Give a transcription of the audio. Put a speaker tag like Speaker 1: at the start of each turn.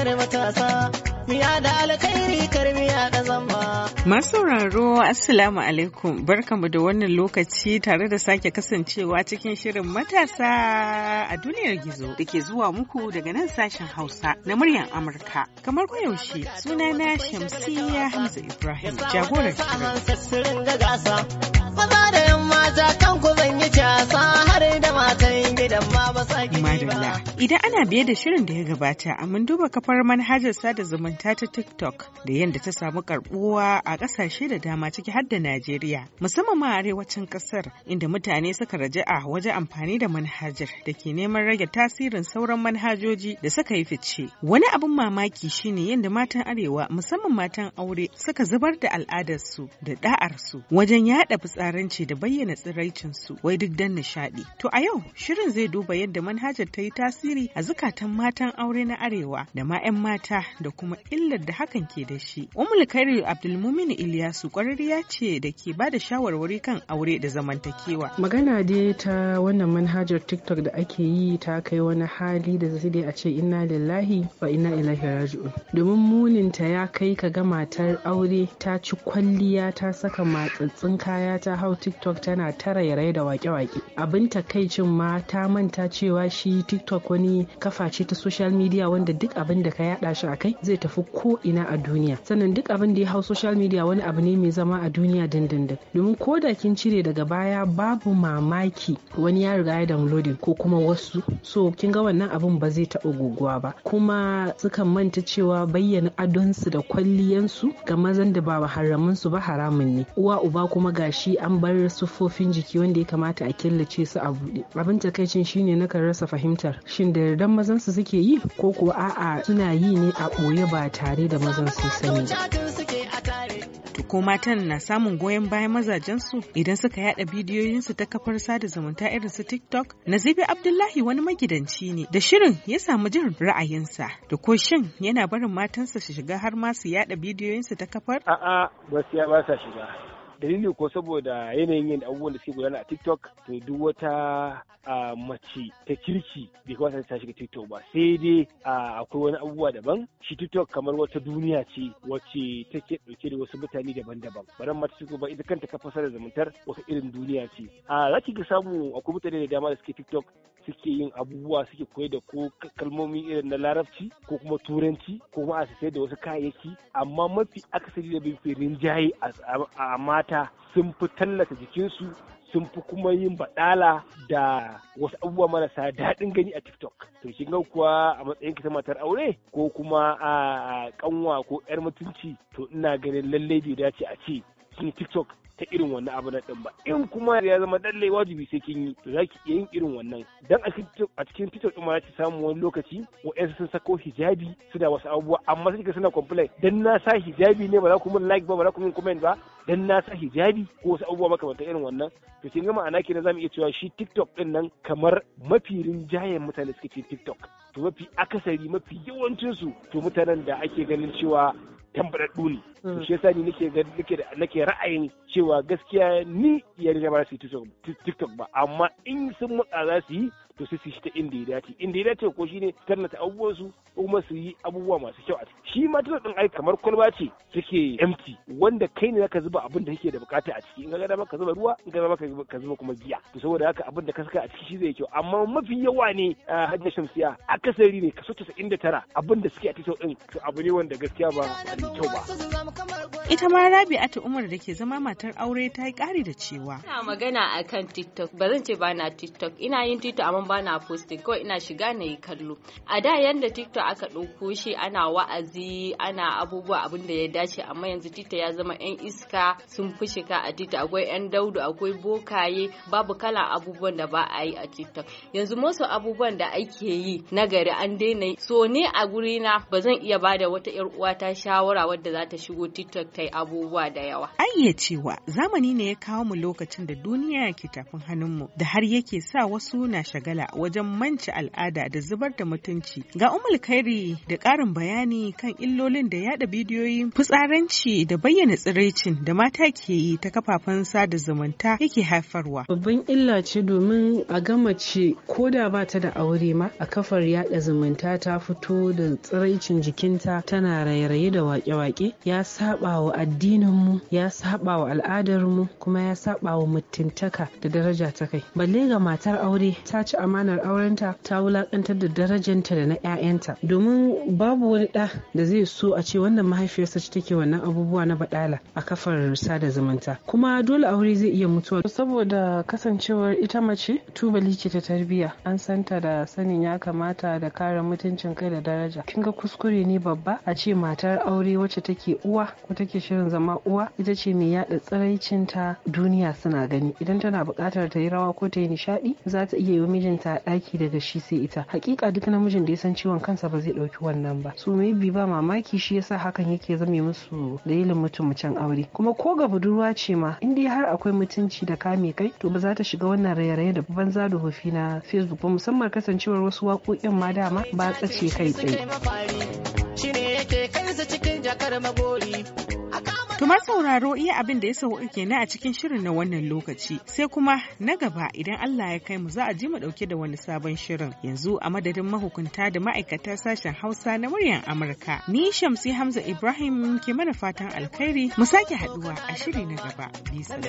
Speaker 1: Duniyar matasa, da alkhairi karmiya da zamba. Masu sauraro Assalamu alaikum, barkamu da wannan lokaci tare da sake kasancewa cikin shirin matasa a duniyar gizo da ke zuwa muku daga nan sashen Hausa na muryar Amurka. Kamar koyaushe sunana Shamsiyya Hamza Ibrahim jagorar shirin. Maza da mata Idan ana biye da shirin da ya gabata, a mun duba kafar manhajar sada zumunta ta TikTok da yadda ta samu karbuwa a kasashe da dama ciki har da Najeriya, musamman ma arewacin kasar inda mutane suka raja'a waje amfani da manhajar da ke neman rage tasirin sauran manhajoji da suka yi fice. Wani abin mamaki shine yadda matan arewa musamman matan aure suka zubar da al'adarsu da da'arsu wajen yaɗa fitsarinci da bayyana tsiraicinsu wai duk dan nishaɗi. To a yau shirin zai duba yadda manhajar ta yi tasiri a zukatan matan aure na arewa da ma 'yan mata da kuma illar da hakan ke da shi. Umul Kari Abdulmumin Iliyasu kwararriya ce da ke ba da shawarwari kan aure da zamantakewa.
Speaker 2: Magana dai ta wannan manhajar TikTok da ake yi ta kai wani hali da zai dai a ce ina lillahi wa inna ilaihi raji'un. Domin muninta ya kai ka ga matar aure ta ci kwalliya ta saka matsatsin kaya ta hau TikTok tana tara yare da wake-wake. Abin takaicin mata ka manta cewa shi tiktok wani kafa ce ta social media wanda duk abin da ka yada shi a kai zai tafi ko ina a duniya sannan duk abin da ya hau social media wani abu ne mai zama a duniya dandandan domin ko da kin cire daga baya babu mamaki wani ya riga ya downloading ko kuma wasu so kin ga wannan abin ba zai taɓa guguwa ba kuma sukan manta cewa bayyana adonsu da kwalliyansu ga mazan da ba haramun su ba haramun ne uwa uba kuma gashi an bar siffofin jiki wanda ya kamata a killace su a buɗe abin takai lokacin shine na kan rasa fahimtar shin da yardan mazan su suke yi ko kuwa a'a suna yi ne
Speaker 1: a ɓoye ba tare da mazan su sani ko matan na samun goyon bayan mazajen su idan suka yada bidiyoyinsu ta kafar sada zumunta irin su TikTok. Nazibi Abdullahi wani magidanci ne da shirin ya samu jin ra'ayinsa da ko shin yana barin matansa su shiga har ma su yada bidiyoyinsu ta kafar? A'a,
Speaker 3: gaskiya ba sa shiga. dalili ko saboda yanayin yin abubuwan da suke gudana a tiktok to duk wata mace ta kirki bai kamata ta shiga tiktok ba sai dai akwai wani abubuwa daban shi tiktok kamar wata duniya ce wacce take dauke da wasu mutane daban-daban bara mata su ba ita kanta kafa sada zamantar wata irin duniya ce a zaki ga samu akwai mutane da dama da suke tiktok suke yin abubuwa suke koyar da ko kalmomi irin na larabci ko kuma turanci ko kuma a sayar da wasu kayayyaki amma mafi akasari da bai rinjaye a mata sun fi tallata jikinsu sun fi kuma yin baɗala da wasu abubuwa marasa daɗin gani a TikTok. To shi ga kuwa a matsayin ta matar aure ko kuma a kanwa ko yar mutunci to ina ganin lallai bai dace a ce kin tiktok ta irin wannan abu nan ba in kuma ya zama dalle wajibi sai kin yi to zaki iya yin irin wannan dan a cikin tiktok din ma ki samu wani lokaci wa'ansu sun sako hijabi da wasu abubuwa amma sai ka suna complain dan na sa hijabi ne ba za ku min like ba ba za ku min comment ba dan na sa hijabi ko wasu abubuwa makamantan irin wannan to kin ga ma'ana kenan mu iya cewa shi tiktok din nan kamar mafi rinjayen mutane suke tiktok to mafi akasari mafi yawancinsu to mutanen da ake ganin cewa tambadaddu ne hmm. shi yasa ni nake nake ra'ayin cewa gaskiya ni yarda ba su yi TikTok ba amma in sun matsa za su yi to sai su yi ta inda ya dace inda ya dace ko shine tarnata abubuwan su kuma su yi abubuwa masu kyau a ciki shi ma tana din ai kamar kwalba ce take empty wanda kai ne zaka zuba abin da kake da bukata a ciki in ka dama ka zuba ruwa in ka ma ka zuba kuma giya to saboda haka abin da ka saka a ciki shi zai kyau amma mafi yawa ne hajjar shamsiya akasari ne kaso tara abin da suke a ciki din
Speaker 1: abu ne wanda gaskiya ba da kyau
Speaker 3: ba
Speaker 1: ita ma Rabi'atu Umar da ke zama matar aure ta yi kari da cewa ina magana akan TikTok ba zan ce ba na TikTok ina yin TikTok amma ba na posti kawai ina shiga na yi kallo a da yadda tiktok aka ɗauko shi ana wa'azi ana abubuwa abin da ya dace amma yanzu tiktok ya zama yan iska sun fi shika a tiktok akwai yan daudu akwai bokaye babu kalan abubuwan da ba a yi a tiktok yanzu masu abubuwan da ake yi na gari an daina so ne a guri na ba zan iya ba da wata yar uwata shawara wadda za ta shigo tiktok ta yi abubuwa da yawa an iya cewa zamani ne ya kawo mu lokacin da duniya ke tafin mu, da har yake sa wasu na shagala wahala wajen manci al'ada da zubar da mutunci. Ga Umul Kairi da ƙarin bayani kan illolin da yada bidiyoyin fitsaranci da bayyana tsiraicin da mata ke yi ta kafafen sada zumunta yake haifarwa. Babban illa ce domin a ga mace
Speaker 2: ko da ba ta da aure ma a kafar yada zumunta ta fito da tsiraicin jikinta tana raye-raye da wake-wake ya saba wa addininmu ya saba wa al'adarmu kuma ya saba wa mutuntaka da daraja ta kai. Balle ga matar aure ta ci amanar aurenta ta wulakantar da darajanta da na 'ya'yanta domin babu wani ɗa da zai so a ce wannan mahaifiyarsa ce take wannan abubuwa na baɗala a kafar sada zumunta kuma dole aure zai iya mutuwa saboda kasancewar ita mace tubali ce ta tarbiya. an santa da sanin ya kamata da kare mutuncin kai da daraja kin ga kuskure ne babba a ce matar aure wacce take uwa ko take shirin zama uwa ita ce mai yada tsiraicinta duniya suna gani idan tana bukatar ta yi rawa ko ta yi nishaɗi za ta iya yi wa mijinta a ɗaki daga shi sai ita hakika duk namijin da ya san ciwon kansa ba zai ɗauki wannan ba su maybe ba mamaki shi yasa hakan yake zame musu dalilin mutum can aure kuma ko ga budurwa ce ma in dai har akwai mutunci da kame kai to ba za ta shiga wannan raye-raye da banza da hofi na facebook ba musamman kasancewar wasu waƙoƙin ma dama ba tsace kai tsaye
Speaker 1: shine yake kansa cikin jakar magori Tumar sauraro iya abin da ya ke na a cikin shirin na wannan lokaci sai kuma na gaba idan Allah ya kai mu za a ji mu dauke da wani sabon shirin yanzu a madadin mahukunta da ma'aikatan sashen Hausa na muryan Amurka ni Shamsi Hamza Ibrahim ke mana fatan alkhairi mu sake haduwa a shiri na gaba bisa